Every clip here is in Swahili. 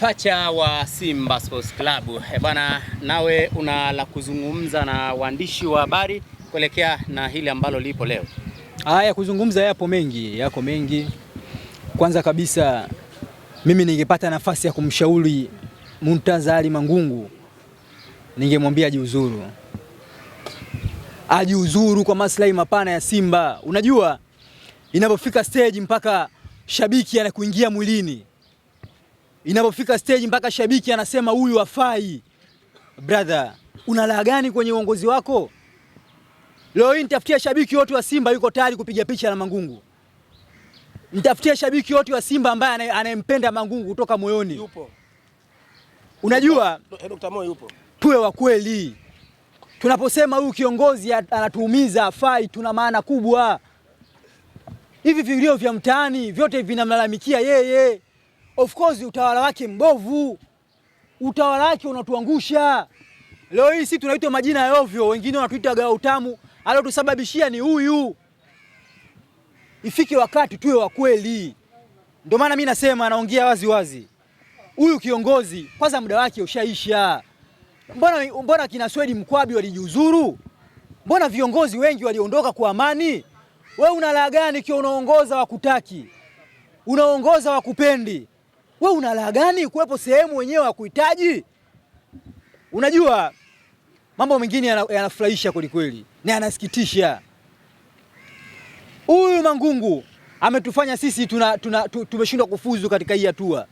Pacha wa Simba Sports Club. E bwana, nawe una la kuzungumza na waandishi wa habari kuelekea na hili ambalo lipo leo? Haya, ah, kuzungumza yapo mengi, yako mengi. Kwanza kabisa mimi ningepata nafasi ya kumshauri Muntaza Ali Mangungu, ningemwambia ajiuzuru, ajiuzuru kwa maslahi mapana ya Simba. Unajua inapofika stage mpaka shabiki anakuingia mwilini inapofika stage mpaka shabiki anasema huyu hafai. Brother, una gani kwenye uongozi wako? Leo hii nitafutia shabiki wote wa Simba yuko tayari kupiga picha na Mangungu. Nitafutia shabiki wote wa Simba ambaye anayempenda Mangungu kutoka moyoni. Yupo. Unajua eh, Dr. Moyo yupo. Tuwe wa kweli. Tunaposema huyu kiongozi anatuumiza afai, tuna maana kubwa. Hivi vilio vya mtaani vyote vinamlalamikia yeye. Of course utawala wake mbovu, utawala wake unatuangusha. Leo hii sisi tunaitwa majina ya ovyo, wengine wanatuita gawa utamu. Aliotusababishia ni huyu. Ifike wakati tuwe wa kweli. Ndio maana mimi nasema, naongea wazi wazi, huyu kiongozi kwanza muda wake ushaisha. Mbona, mbona kina Swedi Mkwabi walijiuzuru? Mbona viongozi wengi waliondoka kwa amani? Wewe una la gani? Unaongoza wakutaki, unaongoza wakupendi we una raha gani kuwepo sehemu wenyewe hakuhitaji? Unajua mambo mengine yanafurahisha kwelikweli na yanasikitisha. Huyu Mangungu ametufanya sisi tuna, tuna, tumeshindwa kufuzu katika hii hatua.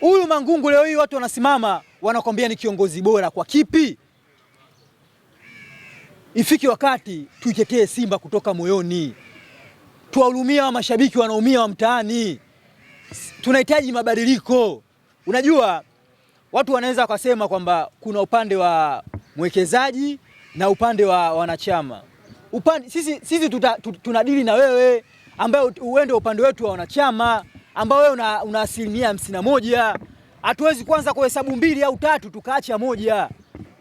Huyu Mangungu leo hii watu wanasimama wanakwambia ni kiongozi bora kwa kipi? Ifike wakati tuitetee Simba kutoka moyoni, tuwahurumia wa mashabiki wanaumia wa mtaani tunahitaji mabadiliko. Unajua, watu wanaweza wakasema kwamba kuna upande wa mwekezaji na upande wa wanachama. Upande sisi, sisi tuta, tunadili na wewe ambaye uende upande wetu wa wanachama ambao wewe una, una asilimia hamsini na moja. Hatuwezi kwanza kuhesabu mbili au tatu tukaacha moja.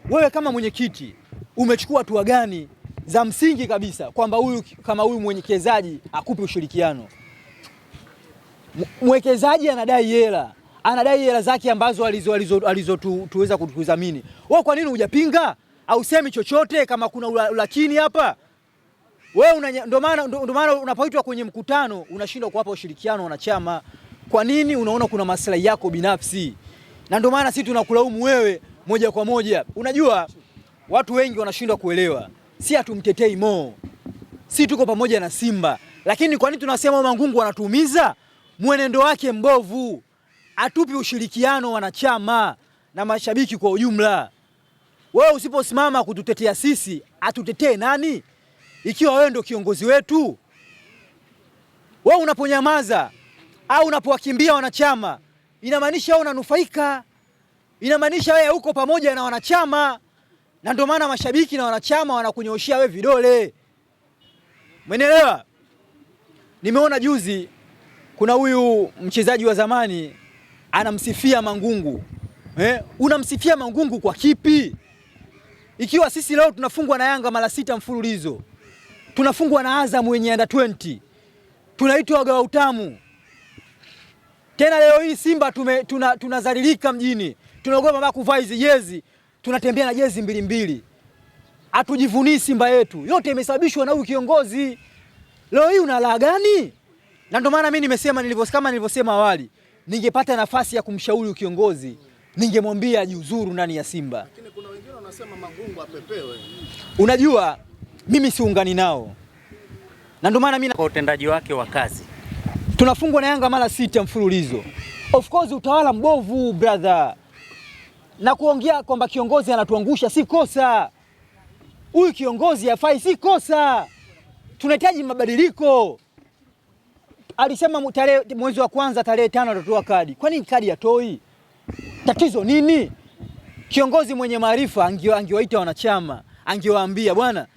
Wewe kama mwenyekiti umechukua hatua gani za msingi kabisa kwamba huyu kama huyu mwenyekezaji akupe ushirikiano? mwekezaji anadai hela, anadai hela zake ambazo alizotuweza alizo, alizo kutudhamini. Wewe kwa nini hujapinga au semi chochote kama kuna lakini hapa? Wewe ndio maana ndio maana unapoitwa kwenye mkutano unashindwa kuwapa ushirikiano wanachama. Kwa nini? Unaona kuna maslahi yako binafsi, na ndio maana sisi tunakulaumu wewe moja kwa moja. Unajua watu wengi wanashindwa kuelewa, si hatumtetei Mo, si tuko pamoja na Simba, lakini kwa nini tunasema Mangungu anatuumiza? mwenendo wake mbovu, atupi ushirikiano wanachama na mashabiki kwa ujumla. Wewe usiposimama kututetea sisi, atutetee nani ikiwa wewe ndio kiongozi wetu? Wewe unaponyamaza au unapowakimbia wanachama, inamaanisha wewe unanufaika, inamaanisha wewe uko pamoja na wanachama, na ndio maana mashabiki na wanachama wanakunyoshia wewe vidole. Mwenelewa? Nimeona juzi kuna huyu mchezaji wa zamani anamsifia Mangungu eh? Unamsifia Mangungu kwa kipi ikiwa sisi leo tunafungwa na Yanga mara sita mfululizo, tunafungwa na Azam wenye under 20, tunaitwa wagawa utamu tena. Leo hii Simba tunazalilika, tuna mjini, tunaogopa mpaka kuvaa hizi jezi, tunatembea na jezi mbili mbili. Hatujivunii Simba yetu, yote imesababishwa na huyu kiongozi. Leo hii una gani? na ndio maana mimi nimesema nilivyosema, kama nilivyosema awali, ningepata nafasi ya kumshauri kiongozi, ningemwambia jiuzuru ndani ya Simba. Lakini kuna wengine wanasema Mangungu apepewe. Unajua mimi siungani nao, na ndio maana mimi kwa utendaji wake wa kazi tunafungwa na Yanga mara sita mfululizo. Of course utawala mbovu brother, na kuongea kwamba kiongozi anatuangusha si kosa, huyu kiongozi hafai si kosa, tunahitaji mabadiliko alisema tarehe mwezi wa kwanza tarehe tano atatoa kadi. Kwa nini kadi hatoi Tatizo nini? Kiongozi mwenye maarifa angewaita wanachama, angewaambia bwana,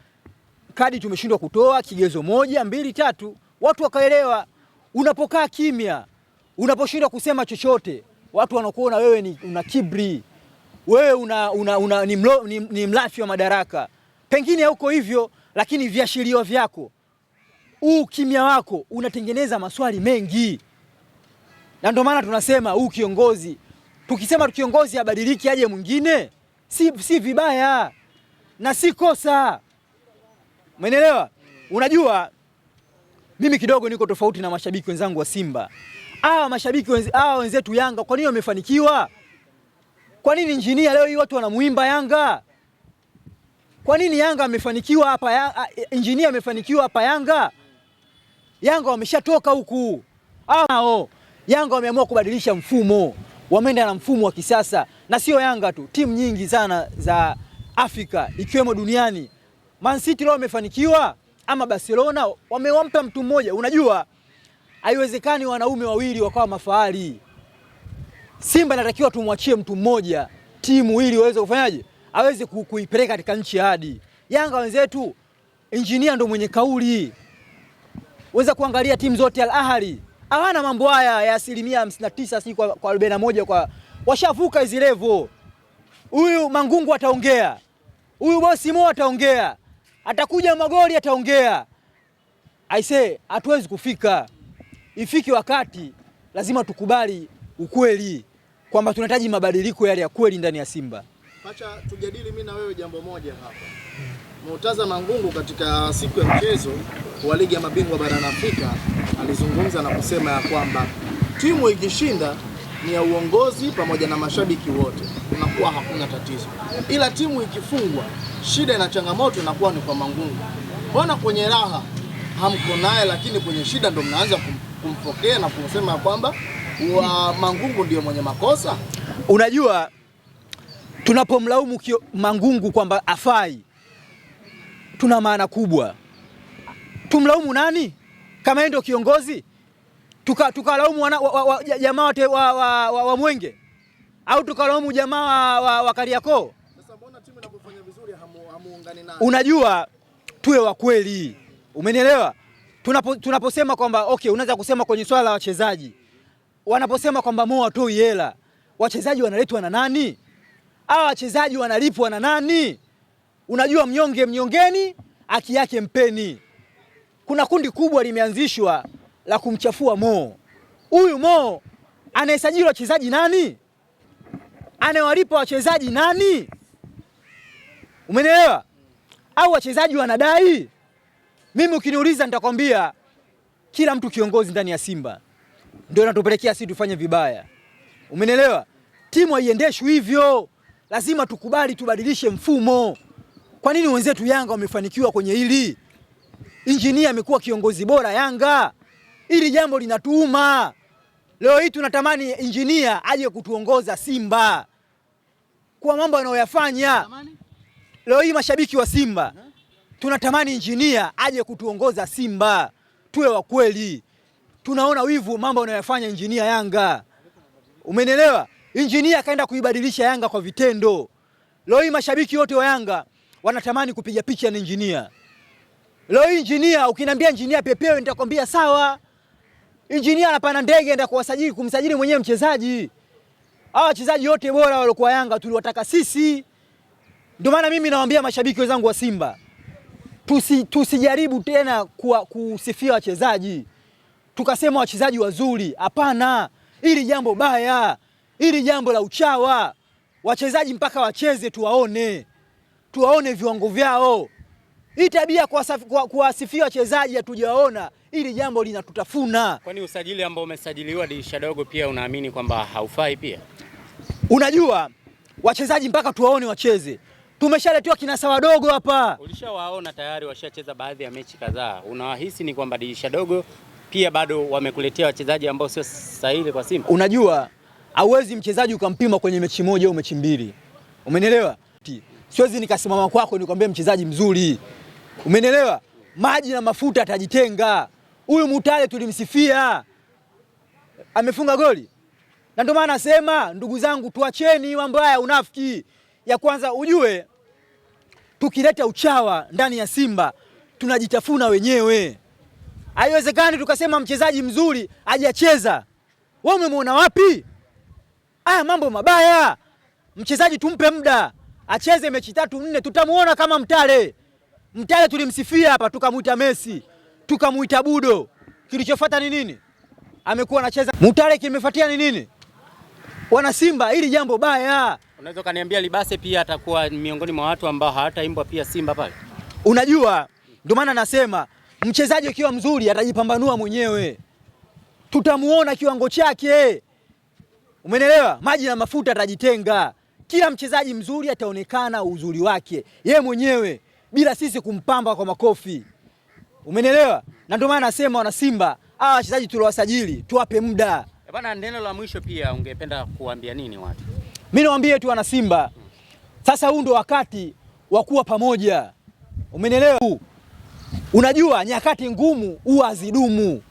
kadi tumeshindwa kutoa, kigezo moja mbili tatu, watu wakaelewa. Unapokaa kimya, unaposhindwa kusema chochote, watu wanakuona wewe ni una kibri, wewe una, una, una, ni, mlo, ni, ni mlafi wa madaraka. Pengine hauko hivyo, lakini viashirio vyako huu kimya wako unatengeneza maswali mengi, na ndio maana tunasema huu kiongozi, tukisema kiongozi abadiliki aje mwingine, si, si vibaya na si kosa. Umeelewa? Unajua, mimi kidogo niko tofauti na mashabiki wenzangu wa Simba. Hawa mashabiki hawa wenzetu Yanga, kwa nini wamefanikiwa? Kwa nini injinia leo hii watu wanamuimba Yanga? Kwa nini Yanga amefanikiwa hapa, injinia amefanikiwa hapa Yanga? Yanga wameshatoka huku ao. Yanga wameamua kubadilisha mfumo, wameenda na mfumo wa kisasa, na sio Yanga tu, timu nyingi sana za Afrika ikiwemo duniani. Man City leo wamefanikiwa, ama Barcelona wamewampa mtu mmoja. Unajua haiwezekani wanaume wawili wakawa mafahari. Simba inatakiwa tumwachie mtu mmoja timu ili waweze kufanyaje, aweze kuipeleka katika nchi hadi. Yanga wenzetu, injinia ndo mwenye kauli Uweza kuangalia timu zote Al Ahly hawana mambo haya ya asilimia hamsini si kwa kwa 41 kwa, washavuka hizi levo. Huyu Mangungu ataongea, huyu bosi Mo ataongea, atakuja magoli ataongea. Aise, hatuwezi kufika. Ifiki wakati lazima tukubali ukweli kwamba tunahitaji mabadiliko yale ya kweli ndani ya Simba. Pacha, tujadili mimi na wewe jambo moja hapa Murtaza Mangungu katika siku ya mchezo wa ligi ya mabingwa barani Afrika alizungumza na kusema ya kwamba timu ikishinda ni ya uongozi pamoja na mashabiki wote, unakuwa hakuna tatizo, ila timu ikifungwa, shida na changamoto inakuwa ni kwa Mangungu. Mbona kwenye raha hamko naye, lakini kwenye shida ndo mnaanza kumpokea na kusema ya kwamba wa Mangungu ndio mwenye makosa? Unajua, tunapomlaumu Mangungu kwamba afai tuna maana kubwa. Tumlaumu nani kama yeye ndio kiongozi? Tukalaumu tuka jamaa wa, wa, wa, wa, wa Mwenge au tukalaumu jamaa wa, wa, wa Kariakoo? Unajua, tuwe wa kweli, umenielewa? Tunapo, tunaposema kwamba okay, unaweza kusema kwenye swala la wachezaji wanaposema kwamba Mo hatoi hela, wachezaji wanaletwa na nani? Hawa wachezaji wanalipwa na nani? Unajua, mnyonge mnyongeni, haki yake mpeni. Kuna kundi kubwa limeanzishwa la kumchafua Mo. Huyu Mo anayesajili wachezaji nani? Anawalipa wachezaji nani? Umenielewa? Au wachezaji wanadai? Mimi ukiniuliza, nitakwambia kila mtu kiongozi ndani ya Simba ndio natupelekea sisi tufanye vibaya. Umenielewa? Timu haiendeshwi hivyo, lazima tukubali tubadilishe mfumo. Kwa nini wenzetu Yanga wamefanikiwa kwenye hili? Injinia amekuwa kiongozi bora Yanga. Hili jambo linatuuma. Leo hii tunatamani injinia aje kutuongoza Simba kwa mambo anayoyafanya leo hii. Mashabiki wa Simba tunatamani injinia aje kutuongoza Simba, tuwe wa kweli. Tunaona wivu mambo anayoyafanya injinia Yanga, umenielewa? Injinia akaenda kuibadilisha Yanga kwa vitendo. Leo hii mashabiki wote wa Yanga wanatamani kupiga picha na injinia. Leo hii injinia, ukiniambia injinia Pepeo nitakwambia sawa. Injinia anapanda ndege aenda kuwasajili kumsajili mwenyewe mchezaji. Hawa wachezaji wote bora waliokuwa Yanga tuliwataka sisi. Ndio maana mimi nawaambia mashabiki wenzangu wa Simba tusi, tusijaribu tena kuwa, kusifia wachezaji tukasema wachezaji wazuri. Hapana, hili jambo baya, hili jambo la uchawa. Wachezaji mpaka wacheze tuwaone tuwaone viwango vyao. Hii tabia kuwasifia wachezaji hatujaona, ili jambo linatutafuna. Kwani usajili ambao umesajiliwa dirisha dogo pia unaamini kwamba haufai? Pia unajua wachezaji mpaka tuwaone wacheze. Tumeshaletewa kinasa wadogo hapa, ulishawaona tayari, washacheza baadhi ya mechi kadhaa. Unawahisi ni kwamba dirisha dogo pia bado wamekuletea wachezaji ambao sio sahihi kwa Simba? Unajua hauwezi mchezaji ukampima kwenye mechi moja au mechi mbili, umenielewa? siwezi nikasimama kwako nikwambie mchezaji mzuri, umenielewa? Maji na mafuta atajitenga. Huyu Mutale tulimsifia, amefunga goli, na ndio maana nasema ndugu zangu, tuacheni haya unafiki ya kwanza. Ujue tukileta uchawa ndani ya Simba tunajitafuna wenyewe. Haiwezekani tukasema mchezaji mzuri hajacheza. Wewe umemwona wapi? aya mambo mabaya. Mchezaji tumpe muda acheze mechi tatu nne, tutamuona kama Mtale. Mtale tulimsifia hapa, tukamwita Messi, tukamwita Budo, kilichofuata ni nini? Amekuwa anacheza Mtale, kimefuatia ni nini? Wana Simba, hili jambo baya. Unaweza kaniambia Libase pia atakuwa miongoni mwa watu ambao hawataimbwa pia Simba pale, unajua. Ndio maana nasema mchezaji akiwa mzuri atajipambanua mwenyewe, tutamuona kiwango chake, umenelewa? Maji na mafuta atajitenga. Kila mchezaji mzuri ataonekana uzuri wake ye mwenyewe bila sisi kumpamba kwa makofi, umenielewa? Na ndio maana nasema wana Simba, hawa wachezaji tuliwasajili, tuwape muda e bana. Neno la mwisho pia ungependa kuambia nini watu? Mimi niwaambie tu wana Simba, sasa huu ndo wakati wa kuwa pamoja, umenielewa? Unajua nyakati ngumu huwa hazidumu.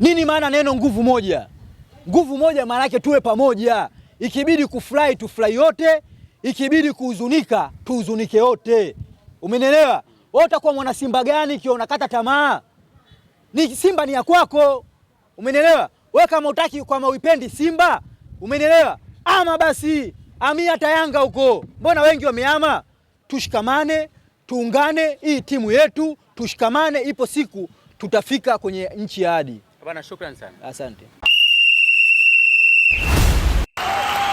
Nini maana neno nguvu moja? Nguvu moja maana yake tuwe pamoja ikibidi kufurahi tufurahi yote, ikibidi kuhuzunika tuhuzunike yote. Umenielewa? Wewe utakuwa mwana Simba gani ikiwa unakata tamaa? Ni Simba ni ya kwako, umenielewa? Wewe kama utaki, kwa mauipendi Simba, umenielewa? Ama basi amia hata Yanga huko, mbona wengi wameama? Tushikamane, tuungane, hii timu yetu, tushikamane, ipo siku tutafika kwenye nchi ya ahadi. Bana, shukrani sana, asante. Thank you.